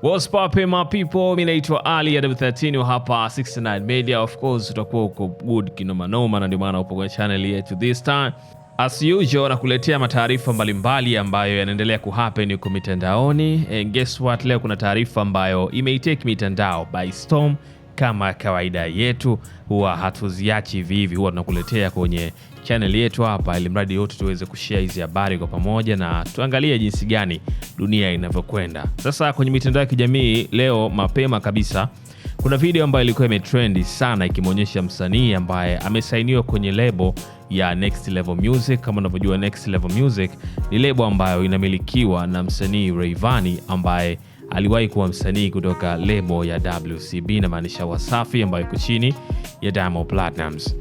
What's poppin my people, mimi naitwa Ali w 13 hapa 69 Media. Of course utakuwa uko good kinoma noma, na ndio maana upo kwa channel yetu this time as usual, nakuletea mataarifa mbalimbali ambayo yanaendelea kuhappen huko mitandaoni. And guess what, leo kuna taarifa ambayo imeitake mitandao by storm kama kawaida yetu, huwa hatuziachi hivi hivi, huwa tunakuletea kwenye channel yetu hapa, ili mradi yote tuweze kushare hizi habari kwa pamoja na tuangalie jinsi gani dunia inavyokwenda. Sasa kwenye mitandao ya kijamii leo mapema kabisa, kuna video ambayo ilikuwa imetrendi sana ikimwonyesha msanii ambaye amesainiwa kwenye lebo ya Next Level Music. Kama unavyojua Next Level Music ni lebo ambayo inamilikiwa na msanii Rayvanny ambaye aliwahi kuwa msanii kutoka lebo ya WCB na maanisha Wasafi ambayo iko chini ya Diamond Platnumz.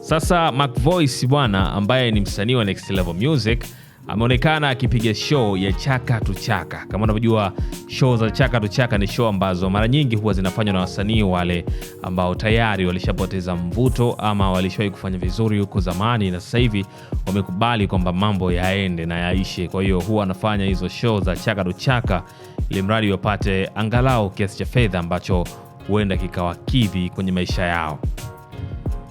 Sasa Mac Voice bwana, ambaye ni msanii wa Next Level Music ameonekana akipiga show ya chaka tu chaka. Kama unavyojua show za chaka tu chaka ni show ambazo mara nyingi huwa zinafanywa na wasanii wale ambao tayari walishapoteza mvuto ama walishawahi kufanya vizuri huko zamani, na sasa hivi wamekubali kwamba mambo yaende na yaishe. Kwa hiyo huwa anafanya hizo show za chaka tu chaka, ili mradi wapate angalau kiasi cha fedha ambacho huenda kikawakidhi kwenye maisha yao.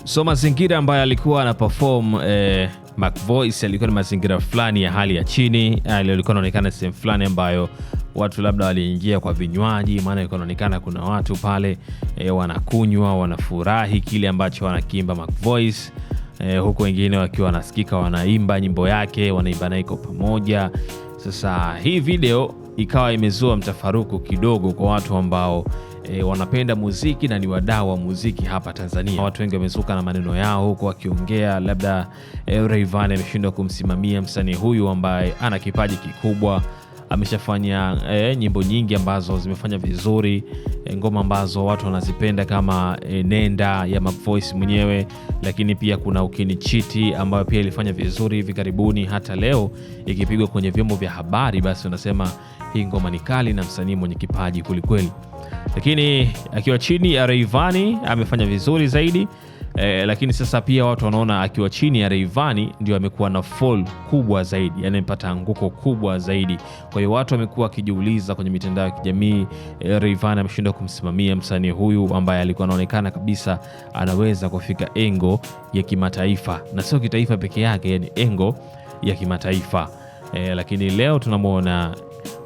So mazingira ambayo alikuwa ana perform eh, McVoice alikuwa ni mazingira fulani ya hali ya chini, alikuwa eh, naonekana sehemu fulani ambayo watu labda waliingia kwa vinywaji, maana ilikuwa naonekana kuna watu pale e, wanakunywa wanafurahi kile ambacho wanakiimba McVoice. E, huku wengine wakiwa wanasikika wanaimba nyimbo yake, wanaimba naye kwa pamoja. Sasa hii video ikawa imezua mtafaruku kidogo kwa watu ambao e, wanapenda muziki na ni wadau wa muziki hapa Tanzania. Watu wengi wamezuka na maneno yao huku wakiongea, labda e, Rayvanny ameshindwa kumsimamia msanii huyu ambaye ana kipaji kikubwa ameshafanya eh, nyimbo nyingi ambazo zimefanya vizuri eh, ngoma ambazo watu wanazipenda kama eh, nenda ya mavois mwenyewe, lakini pia kuna ukinichiti ambayo pia ilifanya vizuri hivi karibuni, hata leo ikipigwa kwenye vyombo vya habari, basi wanasema hii ngoma ni kali na msanii mwenye kipaji kwelikweli. Lakini akiwa chini ya reivani amefanya vizuri zaidi eh, lakini sasa pia watu wanaona akiwa chini ya Rayvanny ndio amekuwa na fall kubwa zaidi, yani amepata anguko kubwa zaidi. Kwa hiyo watu wamekuwa wakijiuliza kwenye mitandao ya kijamii eh, Rayvanny ameshindwa kumsimamia msanii huyu ambaye alikuwa anaonekana kabisa anaweza kufika engo ya kimataifa na sio kitaifa peke yake, yani engo ya kimataifa eh, lakini leo tunamwona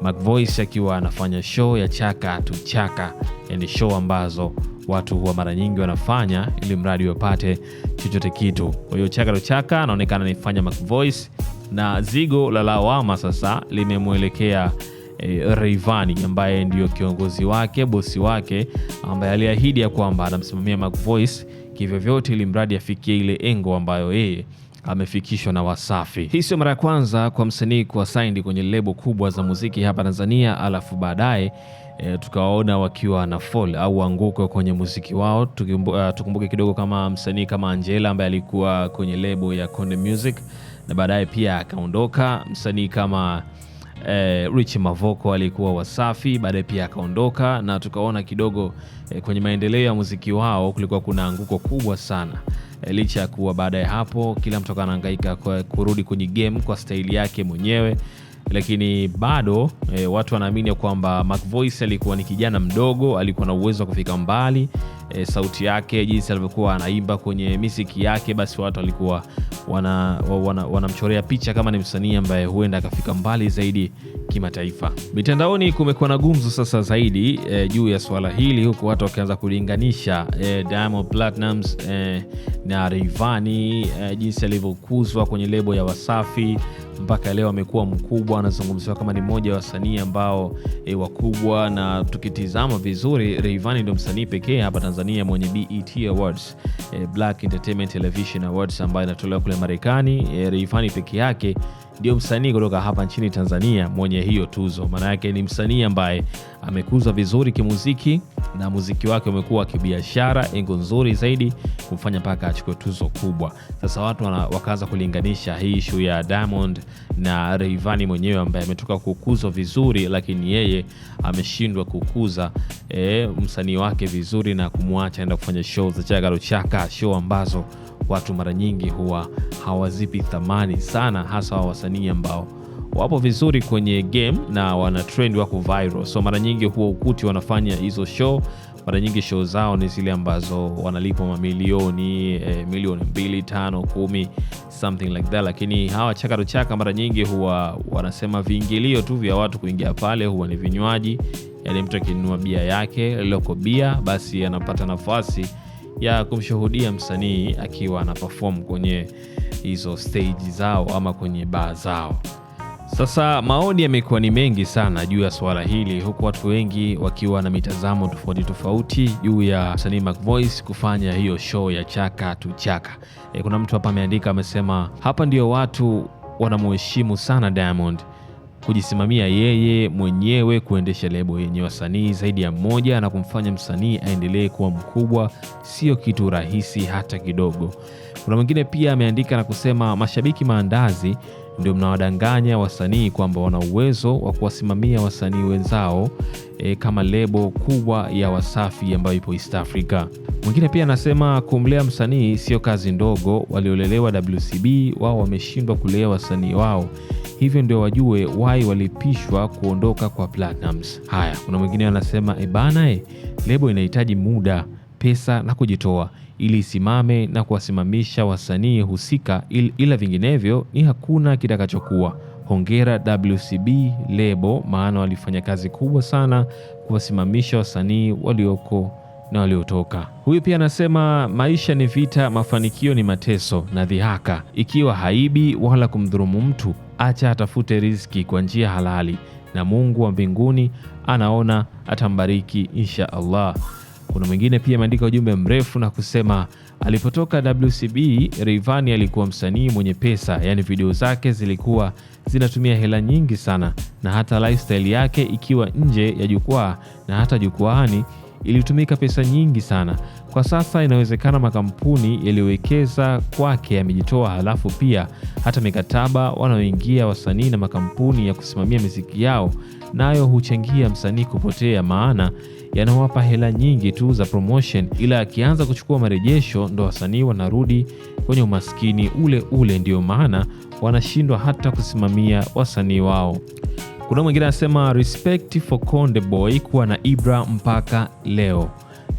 Mac Voice akiwa anafanya show ya chaka tu chaka, yani show ambazo watu huwa mara nyingi wanafanya ili mradi wapate chochote kitu. Kwa hiyo Chaka Lochaka anaonekana nifanya MacVoice na zigo la lawama sasa limemwelekea E, Rayvanny ambaye ndiyo kiongozi wake, bosi wake, ambaye aliahidi ya kwamba anamsimamia MacVoice kivyovyote ili mradi afikie ile engo ambayo yeye amefikishwa na Wasafi. Hii sio mara ya kwanza kwa msanii kuwa kwenye lebo kubwa za muziki hapa Tanzania, alafu baadaye e, eh, tukawaona wakiwa na fall au anguko kwenye muziki wao. Ah, tukumbuke kidogo kama msanii kama Angela ambaye alikuwa kwenye lebo ya Konde Music na baadaye pia akaondoka. Msanii kama E, eh, Rich Mavoko alikuwa Wasafi, baadaye pia akaondoka, na tukaona kidogo e, kwenye maendeleo ya muziki wao kulikuwa kuna anguko kubwa sana e, licha ya kuwa baada ya hapo kila mtu anahangaika kurudi kwenye game kwa staili yake mwenyewe lakini bado e, watu wanaamini kwamba McVoice alikuwa ni kijana mdogo, alikuwa na uwezo wa kufika mbali. E, sauti yake, jinsi alivyokuwa anaimba kwenye misiki yake, basi watu walikuwa wanamchorea wana, wana picha kama ni msanii ambaye huenda akafika mbali zaidi kimataifa. Mitandaoni kumekuwa na gumzo sasa zaidi e, juu ya swala hili, huku watu wakianza kulinganisha e, Diamond Platnumz e, na Rayvanny e, jinsi alivyokuzwa kwenye lebo ya Wasafi mpaka leo amekuwa mkubwa, anazungumziwa kama ni mmoja wa wasanii ambao e, wakubwa. Na tukitizama vizuri, Rayvanny ndio msanii pekee hapa Tanzania mwenye BET Awards, e, Black Entertainment Television Awards ambayo inatolewa kule Marekani. E, Rayvanny peke yake ndio msanii kutoka hapa nchini Tanzania mwenye hiyo tuzo. Maana yake ni msanii ambaye amekuza vizuri kimuziki na muziki wake umekuwa kibiashara, engo nzuri zaidi kumfanya mpaka achukue tuzo kubwa. Sasa watu wakaanza kulinganisha hii ishu ya Diamond na Rayvanny mwenyewe ambaye ametoka kukuzwa vizuri, lakini yeye ameshindwa kukuza e, msanii wake vizuri na kumwacha aenda kufanya show za chakaruchaka, show ambazo watu mara nyingi huwa hawazipi thamani sana, hasa wa wasanii ambao wapo vizuri kwenye game na wana trend wako viral, so mara nyingi huwa ukuti wanafanya hizo show mara nyingi show zao ni zile ambazo wanalipwa mamilioni eh, milioni mbili tano kumi something like that, lakini hawa chaka mara nyingi huwa wanasema viingilio tu vya watu kuingia pale huwa ni vinywaji, yani mtu akinunua bia yake loko bia, basi anapata nafasi ya kumshuhudia msanii akiwa ana perform kwenye hizo stage zao ama kwenye baa zao. Sasa maoni yamekuwa ni mengi sana juu ya suala hili, huku watu wengi wakiwa na mitazamo tofauti tofauti juu ya msanii mcvoic kufanya hiyo show ya Chaka tu Chaka. E, kuna mtu hapa ameandika amesema, hapa ndio watu wanamuheshimu sana Diamond kujisimamia yeye mwenyewe kuendesha lebo yenye wasanii zaidi ya mmoja na kumfanya msanii aendelee kuwa mkubwa sio kitu rahisi hata kidogo. Kuna mwingine pia ameandika na kusema mashabiki maandazi ndio mnawadanganya wasanii kwamba wana uwezo wa kuwasimamia wasanii wenzao e, kama lebo kubwa ya Wasafi ambayo ipo East Africa. Mwingine pia anasema kumlea msanii sio kazi ndogo, waliolelewa WCB wao wameshindwa kulea wasanii wao, hivyo ndio wajue wai walipishwa kuondoka kwa Platnumz. Haya, kuna mwingine anasema ebana, eh, e, eh, lebo inahitaji muda, pesa na kujitoa ili isimame na kuwasimamisha wasanii husika, ila vinginevyo ni hakuna kitakachokuwa. Hongera WCB lebo, maana walifanya kazi kubwa sana kuwasimamisha wasanii walioko na waliotoka. Huyu pia anasema maisha ni vita, mafanikio ni mateso na dhihaka. Ikiwa haibi wala kumdhulumu mtu, acha atafute riziki kwa njia halali, na Mungu wa mbinguni anaona, atambariki insha Allah. Kuna mwingine pia ameandika ujumbe mrefu na kusema alipotoka WCB Rayvanny alikuwa msanii mwenye pesa, yaani video zake zilikuwa zinatumia hela nyingi sana, na hata lifestyle yake ikiwa nje ya jukwaa na hata jukwaani ilitumika pesa nyingi sana. Kwa sasa inawezekana makampuni yaliyowekeza kwake yamejitoa, halafu pia hata mikataba wanaoingia wasanii na makampuni ya kusimamia miziki yao nayo huchangia msanii kupotea, maana yanawapa hela nyingi tu za promotion, ila akianza kuchukua marejesho ndo wasanii wanarudi kwenye umaskini ule ule. ndio maana wanashindwa hata kusimamia wasanii wao. Kuna mwingine anasema respect for Konde Boy kuwa na Ibra mpaka leo.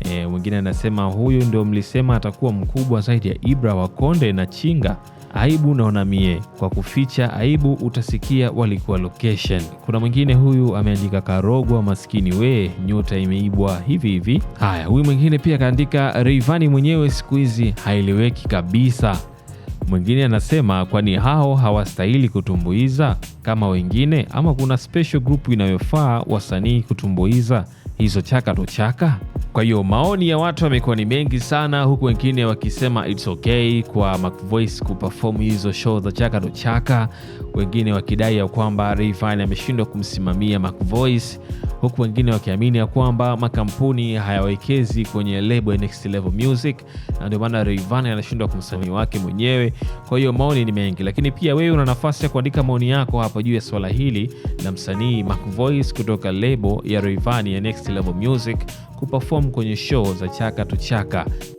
E, mwingine anasema huyu ndio mlisema atakuwa mkubwa zaidi ya Ibra wa Konde na Chinga aibu naona mie kwa kuficha aibu, utasikia walikuwa location. Kuna mwingine huyu ameandika karogwa maskini we, nyota imeibwa hivi hivi. Haya, huyu mwingine pia akaandika reivani mwenyewe siku hizi haeleweki kabisa. Mwingine anasema kwani hao hawastahili kutumbuiza kama wengine, ama kuna special group inayofaa wasanii kutumbuiza hizo chaka to chaka? Kwa hiyo maoni ya watu yamekuwa ni mengi sana, huku wengine wakisema it's okay kwa Macvoice kuperform hizo show za chaka do chaka, wengine wakidai ya kwamba Rayvanny ameshindwa kumsimamia Macvoice, huku wengine wakiamini ya kwamba makampuni hayawekezi kwenye lebo ya Next Level Music na ndio maana Rayvanny anashindwa kumsimamia wake mwenyewe. Kwa hiyo maoni ni mengi, lakini pia wewe una nafasi ya kuandika maoni yako hapo juu ya swala hili la msanii Macvoice kutoka lebo ya Rayvanny ya Next Level Music kuperform kwenye show za Chaka tu Chaka